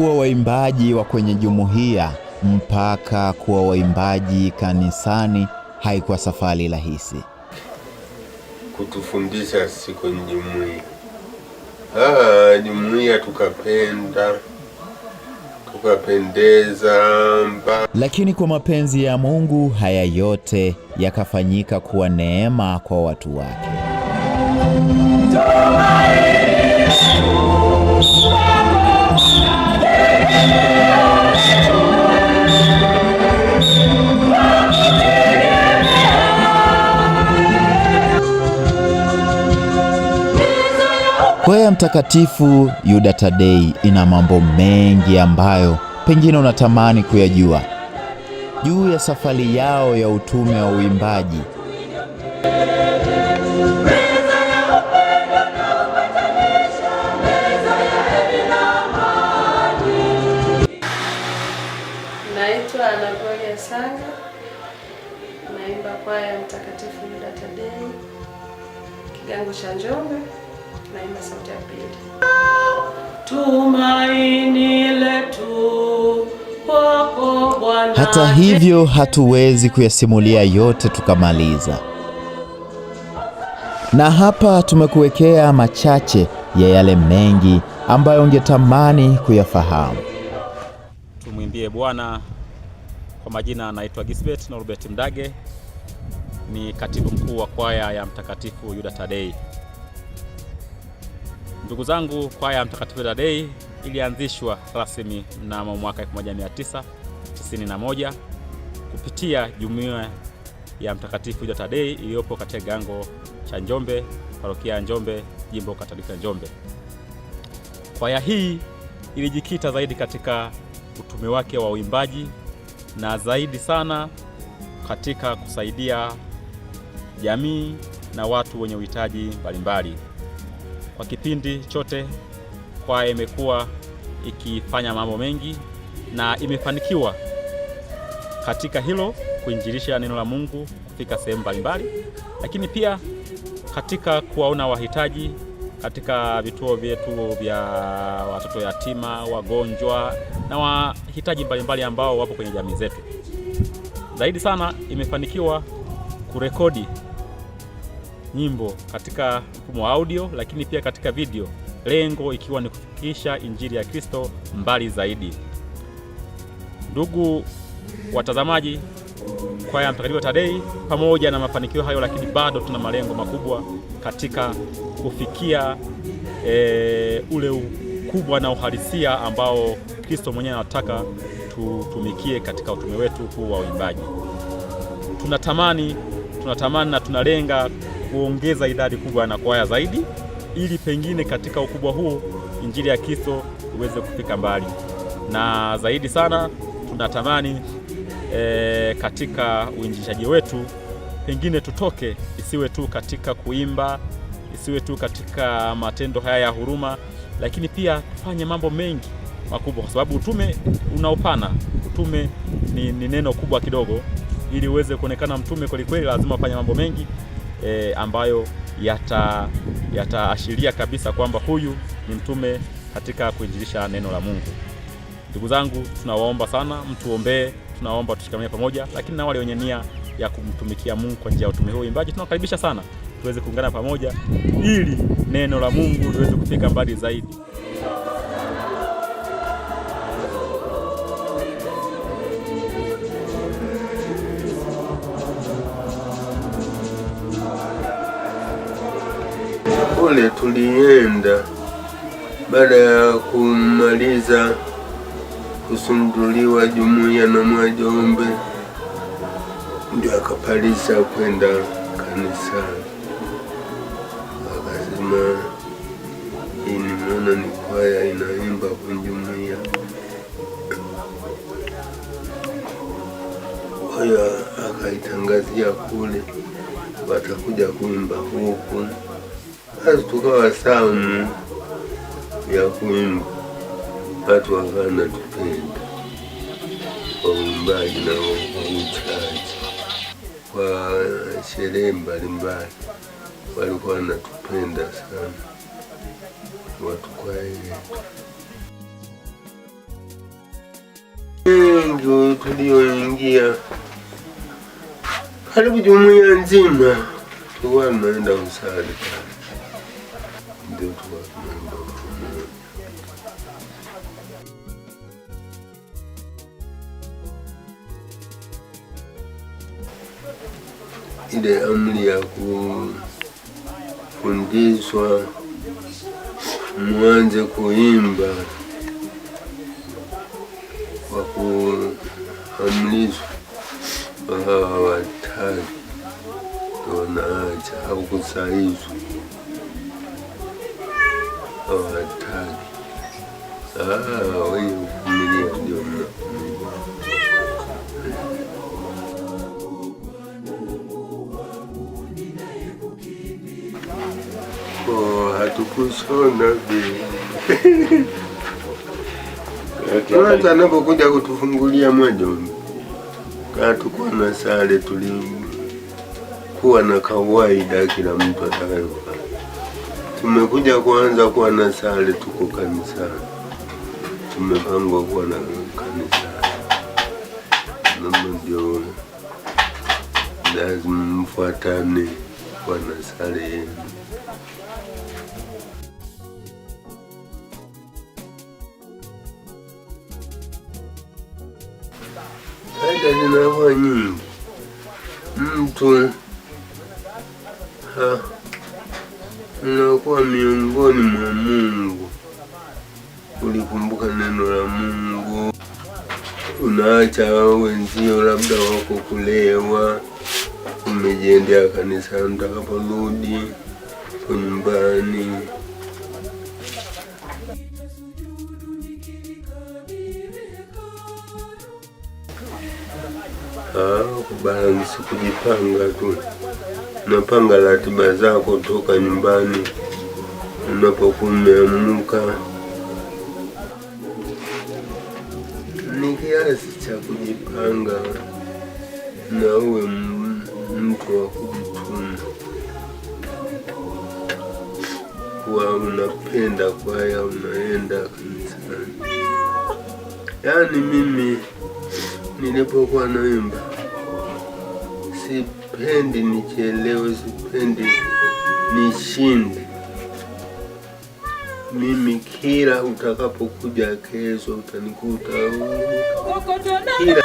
kuwa waimbaji wa kwenye jumuiya mpaka kuwa waimbaji kanisani haikuwa safari rahisi. Kutufundisha sisi kwenye jumuiya, ah, jumuiya tukapenda tukapendeza mba. Lakini kwa mapenzi ya Mungu haya yote yakafanyika kuwa neema kwa watu wake. Mtakatifu Yuda Tadei ina mambo mengi ambayo pengine unatamani kuyajua juu ya safari yao ya utume wa uimbaji. Naitwa Sanga, naimba kwaya Mtakatifu Yuda Tadei, kigango cha Njombe naimba sauti ya pili. Tumaini letu Bwana. Hata hivyo hatuwezi kuyasimulia yote tukamaliza, na hapa tumekuwekea machache ya yale mengi ambayo ungetamani kuyafahamu. Tumwimbie Bwana. Kwa majina anaitwa gisbet Norbert Mdage, ni katibu mkuu wa kwaya ya Mtakatifu Yuda Tadei. Ndugu zangu, kwaya ya Mtakatifu Tadei ilianzishwa rasmi mnamo mwaka 1991 kupitia jumuiya ya Mtakatifu Yuda Tadei iliyopo katika kigango cha Njombe, parokia ya Njombe, jimbo Katoliki la Njombe. Kwaya hii ilijikita zaidi katika utume wake wa uimbaji na zaidi sana katika kusaidia jamii na watu wenye uhitaji mbalimbali. Kwa kipindi chote kwaya imekuwa ikifanya mambo mengi na imefanikiwa katika hilo, kuinjilisha neno la Mungu kufika sehemu mbalimbali, lakini pia katika kuwaona wahitaji katika vituo vyetu vya watoto yatima, wagonjwa na wahitaji mbalimbali ambao wapo kwenye jamii zetu. Zaidi sana imefanikiwa kurekodi nyimbo katika mfumo wa audio, lakini pia katika video, lengo ikiwa ni kufikisha injili ya Kristo mbali zaidi. Ndugu watazamaji, kwaya ya Mtakatifu Tadei, pamoja na mafanikio hayo, lakini bado tuna malengo makubwa katika kufikia e, ule ukubwa na uhalisia ambao Kristo mwenyewe anataka tutumikie katika utume wetu huu wa uimbaji. Tunatamani, tunatamani na tunalenga kuongeza idadi kubwa na kwaya zaidi, ili pengine katika ukubwa huu injili ya Kristo iweze kufika mbali na zaidi sana. Tunatamani e, katika uinjilishaji wetu pengine tutoke, isiwe tu katika kuimba, isiwe tu katika matendo haya ya huruma, lakini pia tufanye mambo mengi makubwa, kwa sababu utume unaopana utume ni, ni neno kubwa kidogo. Ili uweze kuonekana mtume kwelikweli, lazima ufanye mambo mengi e, ambayo yataashiria yata kabisa kwamba huyu ni mtume katika kuinjilisha neno la Mungu. Ndugu zangu, tunawaomba sana mtuombee, tunaomba tushikamane pamoja, lakini na wale wenye nia ya kumtumikia Mungu kwa njia ya utume huu imbaji, tunawakaribisha sana tuweze kuungana pamoja ili neno la Mungu liweze kufika mbali zaidi. shule tulienda baada ya kumaliza kusunduliwa jumuiya na Mwajombe, ndio akapaliza kwenda kanisa akasema hii mwana ni kwaya inaimba kwa jumuiya. Kwa hiyo akaitangazia kule watakuja kuimba huku basi tukawa samu mm. ya kuimba, watu wakana tupenda waumbaji na wauchaji, kwa sherehe mbalimbali walikuwa wanatupenda sana watu kwa yetu wengi tulioingia karibu jumuiya nzima tuwa naenda usali Görüntüler, yayınlar, ile amri ya kufundishwa mwanze kuimba kwa kuamrishwa hawa watatu wanaacha au kusahihishwa watatu. Hii vumilia ndio hatukusona kwanza, anapokuja kutufungulia majombi hatukuwa na sare, tulikuwa na kawaida, kila mtu atakayokuwa Tumekuja kuanza kuwa na sali, tuko kanisani, tumepangwa kuwa na kanisani, ndio lazima mfuatane kuwa na sali yenu. Ada zinakuwa nyingi mtu ha nakuwa miongoni mwa Mungu ulikumbuka neno la Mungu, unaacha wenzio labda wako kulewa, umejiendea kanisani, utakaporudi kwa nyumbani ah, kubalansi, kujipanga tu unapanga ratiba zako toka nyumbani unapokuwa umeamka. Ni kiasi cha kujipanga na uwe mtu wa kujituma, kuwa unapenda kwaya, unaenda kanisani. Yaani mimi nilipokuwa naimba si sipendi nichelewe, sipendi nishinde. Mimi kila utakapokuja kesho utanikuta kila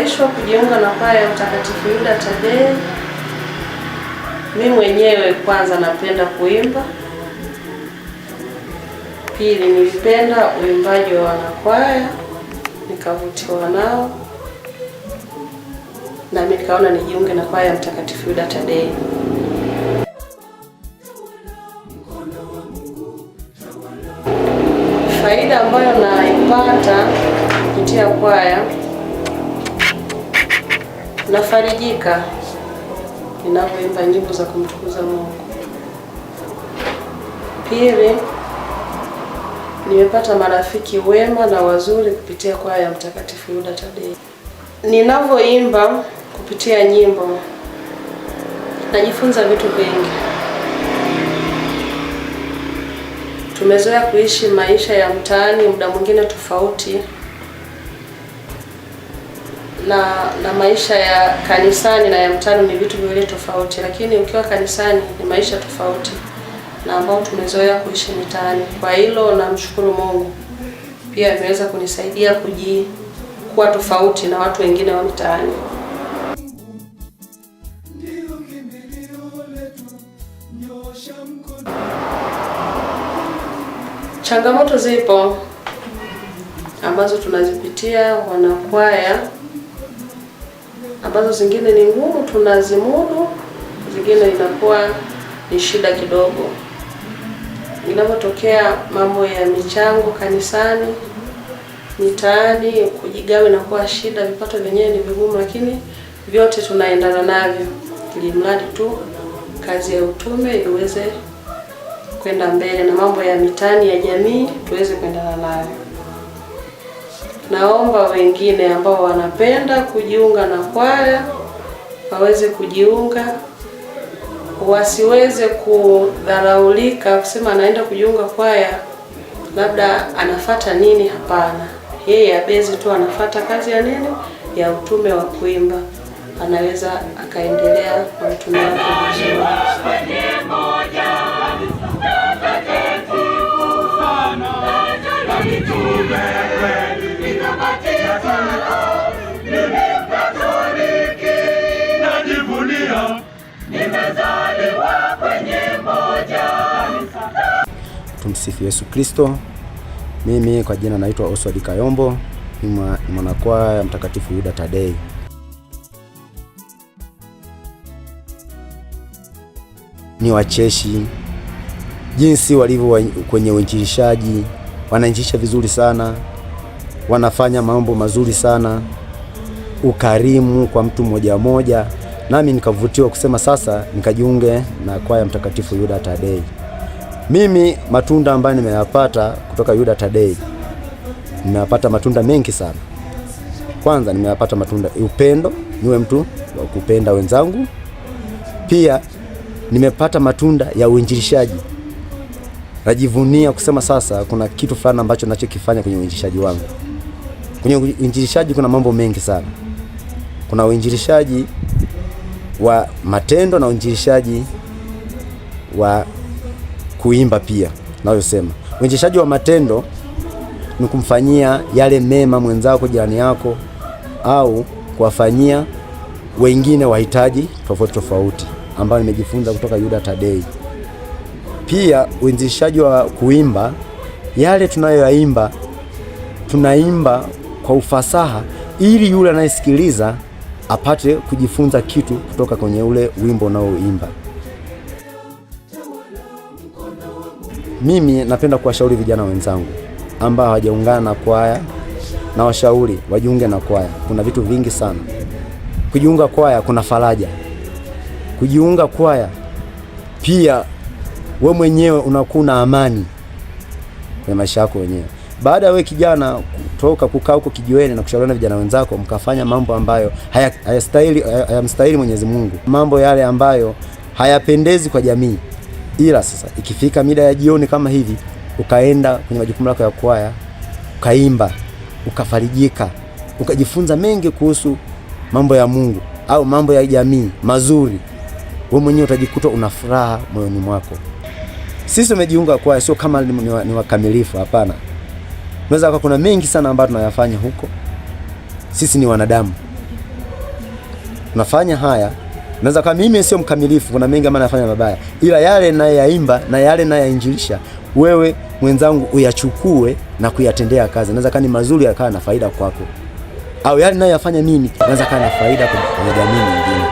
Nimefurahishwa kujiunga na kwaya ya Mtakatifu Yuda Tadei. Mi mwenyewe kwanza napenda kuimba, pili nilipenda uimbaji wa wanakwaya nikavutiwa nao, nami nikaona nijiunge na kwaya ya Mtakatifu Yuda Tadei. Faida ambayo naipata kupitia kwaya Nafarijika ninapoimba nyimbo za kumtukuza Mungu. Pili, nimepata marafiki wema na wazuri kupitia kwaya ya Mtakatifu Yuda Tadei. Ninavyoimba kupitia nyimbo najifunza vitu vingi. Tumezoea kuishi maisha ya mtaani, muda mwingine tofauti na na maisha ya kanisani na ya mtaani ni vitu viwili tofauti, lakini ukiwa kanisani ni maisha tofauti na ambao tumezoea kuishi mitaani. Kwa hilo namshukuru Mungu, pia ameweza kunisaidia kuji kuwa tofauti na watu wengine wa mitaani Changamoto zipo ambazo tunazipitia wanakwaya ambazo zingine ni ngumu tunazimudu, zingine inakuwa ni shida kidogo. Inapotokea mambo ya michango kanisani, mitaani, kujigawa inakuwa shida, vipato vyenyewe ni vigumu, lakini vyote tunaendana navyo, ili mradi tu kazi ya utume iweze kwenda mbele na mambo ya mitaani ya jamii tuweze kuendana nayo. Naomba wengine ambao wanapenda kujiunga na kwaya waweze kujiunga, wasiweze kudharaulika kusema anaenda kujiunga kwaya, labda anafata nini? Hapana, yeye abezi tu anafata kazi ya nini, ya utume wa kuimba, anaweza akaendelea kwa utume wake vizuri. Tumsifu Yesu Kristo. Mimi kwa jina naitwa Oswald Kayombo, ni mwanakwaya Mtakatifu Yuda Tadei. Ni wacheshi jinsi walivyo kwenye uinjilishaji, wanainjilisha vizuri sana, wanafanya mambo mazuri sana, ukarimu kwa mtu mmoja mmoja, nami nikavutiwa kusema sasa nikajiunge na kwaya Mtakatifu Yuda Tadei. Mimi matunda ambayo nimeyapata kutoka Yuda Tadei, nimeyapata matunda mengi sana. Kwanza nimeyapata matunda upendo, niwe mtu wa kupenda wenzangu. Pia nimepata matunda ya uinjilishaji, najivunia kusema sasa kuna kitu fulani ambacho ninachokifanya kwenye uinjilishaji wangu. Kwenye uinjilishaji kuna mambo mengi sana, kuna uinjilishaji wa matendo na uinjilishaji wa kuimba pia nayosema uwezeshaji wa matendo ni kumfanyia yale mema mwenzako, jirani yako, au kuwafanyia wengine wahitaji tofauti tofauti, ambayo nimejifunza kutoka Yuda Tadei. Pia uwezeshaji wa kuimba yale tunayoyaimba, tunaimba kwa ufasaha, ili yule anayesikiliza apate kujifunza kitu kutoka kwenye ule wimbo unaoimba. Mimi napenda kuwashauri vijana wenzangu ambao hawajaungana na kwaya, na washauri wajiunge na kwaya. Kuna vitu vingi sana kujiunga kwaya, kuna faraja kujiunga kwaya, pia we mwenyewe unakuwa na amani kwenye maisha yako wenyewe. Baada ya we kijana kutoka kukaa huko kijiweni na kushauriana vijana wenzako, mkafanya mambo ambayo hayamstahili haya haya Mwenyezi Mungu, mambo yale ambayo hayapendezi kwa jamii. Ila sasa ikifika mida ya jioni kama hivi, ukaenda kwenye majukumu yako ya kwaya, ukaimba, ukafarijika, ukajifunza mengi kuhusu mambo ya Mungu au mambo ya jamii mazuri, wewe mwenyewe utajikuta una furaha moyoni mwako. Sisi tumejiunga kwaya sio kama ni wakamilifu, hapana. Unaweza kuna mengi sana ambayo tunayafanya huko. Sisi ni wanadamu, tunafanya haya Naweza kama mimi sio mkamilifu, kuna mengi ambayo nafanya mabaya, ila yale nayaimba na yale nayainjilisha, wewe mwenzangu uyachukue na kuyatendea kazi. Naweza kama ni mazuri yakawa na faida kwako, au yale nayoyafanya mimi naweza kama na faida kwa jamii nyingine.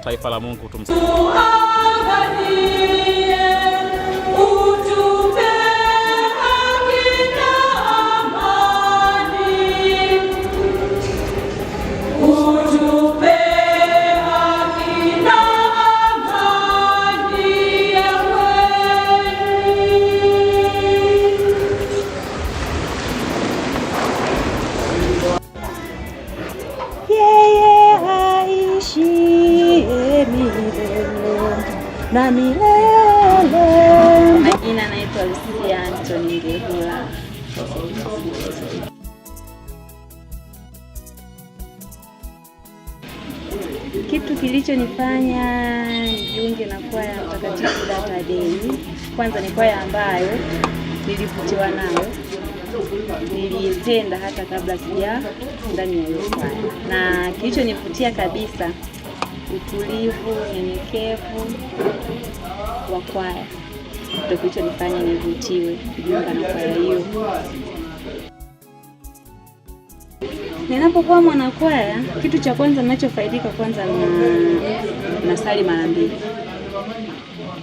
taifa la Mungu tumsifu. na milele. Majina naitwa Lucia Anthony Kitu kilichonifanya nijiunge na kwaya ya Mtakatifu tadei kwanza ni kwaya ambayo nilivutiwa nayo, niliitenda hata kabla sija ndani ya hiyo kwaya, na kilichonivutia kabisa utulivu, unyenyekevu wa kwaya ndio kilichonifanya nivutiwe kujiunga na kwaya hiyo. Ninapokuwa mwanakwaya, kitu cha kwanza ninachofaidika kwanza na nasali mara mbili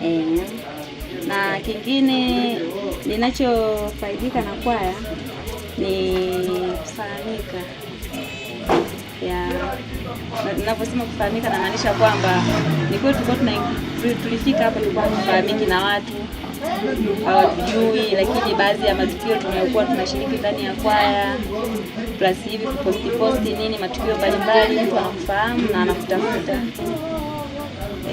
e, na kingine ninachofaidika na kwaya ni kusanyika yeah. Ninavyosema kufahamika, namaanisha kwamba ni kweli tulikuwa tulifika hapa, tulikuwa hatufahamiki na watu hawatujui, lakini baadhi ya matukio tunayokuwa tunashiriki ndani ya kwaya, plus hivi posti posti nini, matukio mbalimbali, mtu anakufahamu na anakutafuta.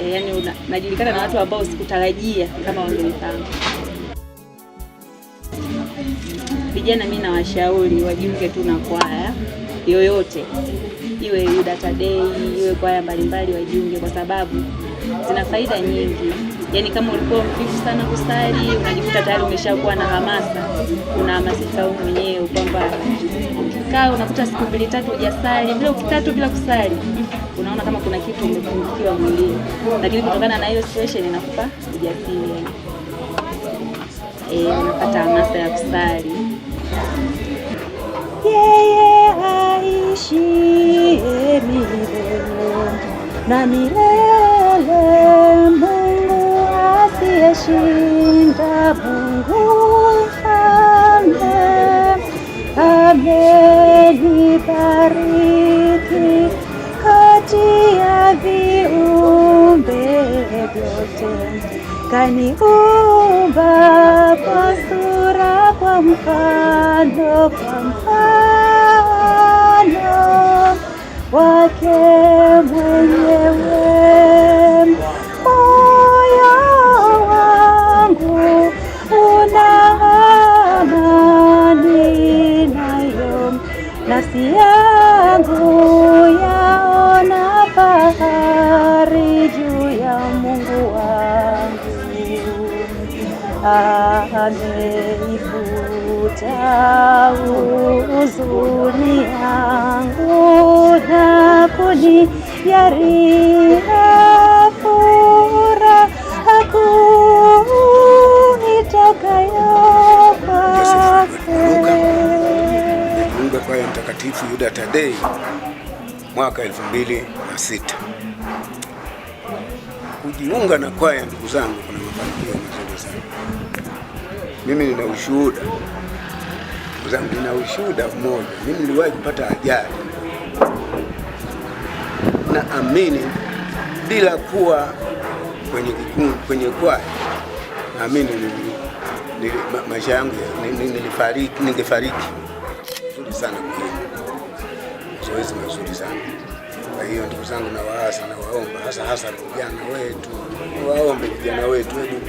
E, yani najulikana na watu ambao sikutarajia kama wangenifahamu. Vijana, mimi nawashauri wajiunge tu na kwaya yoyote iwe data day iwe kwaya mbalimbali wajiunge, kwa sababu zina faida nyingi. Yani kama ulikuwa mvivu sana kusali, unajikuta tayari umeshakuwa na hamasa, unahamasika wewe mwenyewe kwamba ukikaa unakuta siku mbili tatu hujasali, bila ukitatu bila kusali, unaona kama kuna kitu umepungukiwa mwilini, lakini kutokana na hiyo situation inakupa ujasiri eh, unapata hamasa ya kusali. nishie milele na milele, Mungu asiyeshinda, Mungu mfalme amenibariki kati ya viumbe vyote, kaniumba kwa sura, kwa mfano, kwa mfano wake mwenyewe. Moyo wangu una amani nayo, nafsi yangu yaona fahari juu ya Mungu wangu. Ameifuta huzuni maji yaliyofura hakunitokayo kwake. Kwaya Mtakatifu Yuda Tadei mwaka 2006. Kujiunga na kwaya, ndugu zangu, kuna mafanikio mazuri sana. Mimi nina ushuhuda, ndugu zangu, nina ushuhuda mmoja. Mimi niliwahi kupata ajali naamini bila kuwa kwenye kikundi, kwenye kwaya, naamini maisha yangu nilifariki, ningefariki nzuri sana kwa zoezi mazuri sana. Kwa hiyo ndugu zangu, na waasa na waomba hasa hasa vijana wetu, waombe vijana wetu, hebu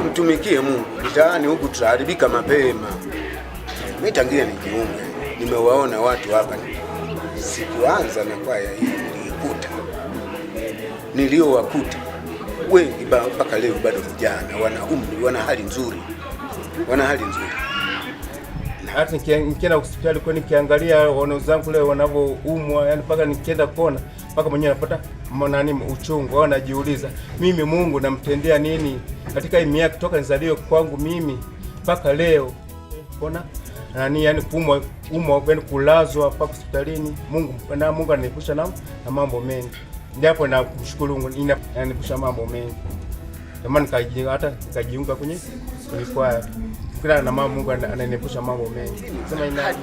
tumtumikie Mungu. Mtaani huku tutaharibika mapema. Mimi tangia nijiunge nimewaona watu hapa, sikuanza na kwaya hii niliyowakuta wengi mpaka leo bado vijana, wana umri, wana hali nzuri, wana hali nzuri. Hata nikienda hospitali kwa nikiangalia zangu leo wanavyoumwa, yani mpaka nikienda kuona mpaka mwenyewe anapata nani uchungu, au anajiuliza mimi Mungu namtendea nini katika hii miaka toka nizaliwe kwangu mimi mpaka leo ona nani yani kuumwa, umwa yani kulazwa mpaka hospitalini. Mungu na Mungu anaepusha na, na mambo mengi. Japo na kushukuru Mungu mambo mengi. Kama kajiunga hata nikajiunga kwenye kulikuwa kila na mama Mungu ananiepusha mambo mengi. Sema ina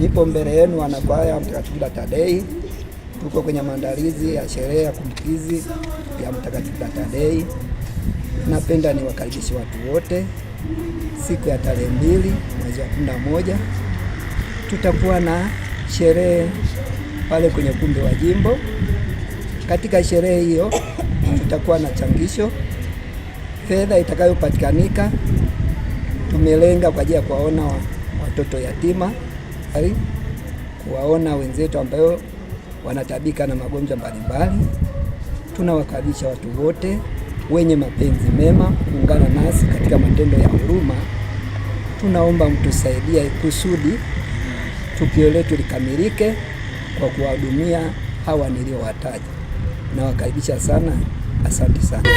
Nipo mbele yenu wanakwaya Mtakatifu Tadei. Tuko kwenye maandalizi ya sherehe ya kumbukizi ya Mtakatifu Tadei. Napenda niwakaribishe watu wote siku ya tarehe mbili mwezi wa kumi na moja tutakuwa na sherehe pale kwenye ukumbi wa jimbo. Katika sherehe hiyo tutakuwa na changisho. Fedha itakayopatikanika tumelenga kwa ajili ya kuwaona watoto yatima, kuwaona wenzetu ambayo wanatabika na magonjwa mbalimbali. Tunawakaribisha watu wote wenye mapenzi mema kuungana nasi katika matendo ya huruma. Tunaomba mtusaidie kusudi tukio letu likamilike kwa kuwahudumia hawa niliowataja. Nawakaribisha sana, asante sana.